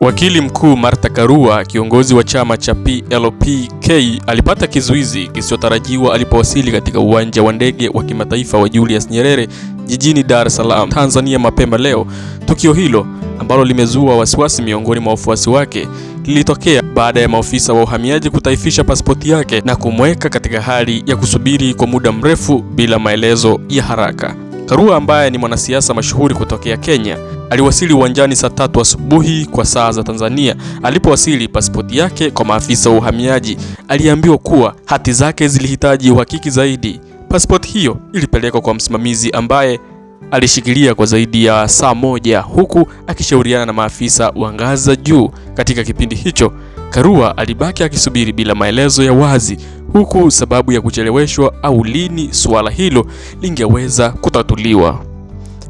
Wakili mkuu Martha Karua, kiongozi wa chama cha PLPK, alipata kizuizi kisichotarajiwa alipowasili katika uwanja wa ndege wa kimataifa wa Julius Nyerere jijini Dar es Salaam, Tanzania mapema leo. Tukio hilo ambalo limezua wasiwasi miongoni mwa wafuasi wake lilitokea baada ya maofisa wa uhamiaji kutaifisha pasipoti yake na kumweka katika hali ya kusubiri kwa muda mrefu bila maelezo ya haraka. Karua ambaye ni mwanasiasa mashuhuri kutokea Kenya aliwasili uwanjani saa tatu asubuhi kwa saa za Tanzania. Alipowasili pasipoti yake kwa maafisa wa uhamiaji, aliambiwa kuwa hati zake zilihitaji uhakiki zaidi. Pasipoti hiyo ilipelekwa kwa msimamizi ambaye alishikilia kwa zaidi ya saa moja huku akishauriana na maafisa wa ngazi za juu. Katika kipindi hicho Karua alibaki akisubiri bila maelezo ya wazi, huku sababu ya kucheleweshwa au lini suala hilo lingeweza kutatuliwa.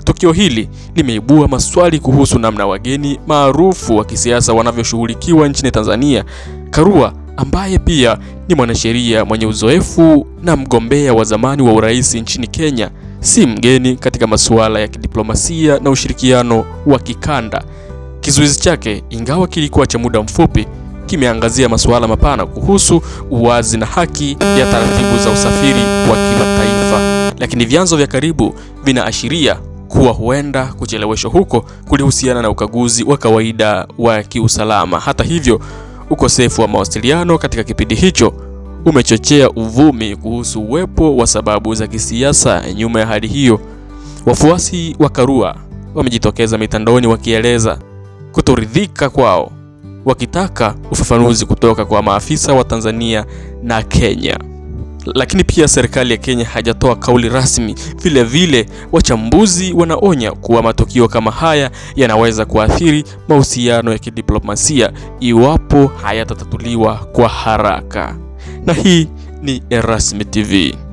Tukio hili limeibua maswali kuhusu namna wageni maarufu wa kisiasa wanavyoshughulikiwa nchini Tanzania. Karua ambaye pia ni mwanasheria mwenye uzoefu na mgombea wa zamani wa urais nchini Kenya, si mgeni katika masuala ya kidiplomasia na ushirikiano wa kikanda. Kizuizi chake, ingawa kilikuwa cha muda mfupi, kimeangazia masuala mapana kuhusu uwazi na haki ya taratibu za usafiri wa kimataifa, lakini vyanzo vya karibu vinaashiria kuwa huenda kucheleweshwa huko kulihusiana na ukaguzi wa kawaida wa kiusalama. Hata hivyo, ukosefu wa mawasiliano katika kipindi hicho umechochea uvumi kuhusu uwepo wa sababu za kisiasa nyuma ya hali hiyo. Wafuasi wa Karua wamejitokeza mitandaoni wakieleza kutoridhika kwao wakitaka ufafanuzi kutoka kwa maafisa wa Tanzania na Kenya. Lakini pia serikali ya Kenya hajatoa kauli rasmi. Vile vile, wachambuzi wanaonya kuwa matukio kama haya yanaweza kuathiri mahusiano ya kidiplomasia iwapo hayatatatuliwa kwa haraka. Na hii ni Erasmi TV.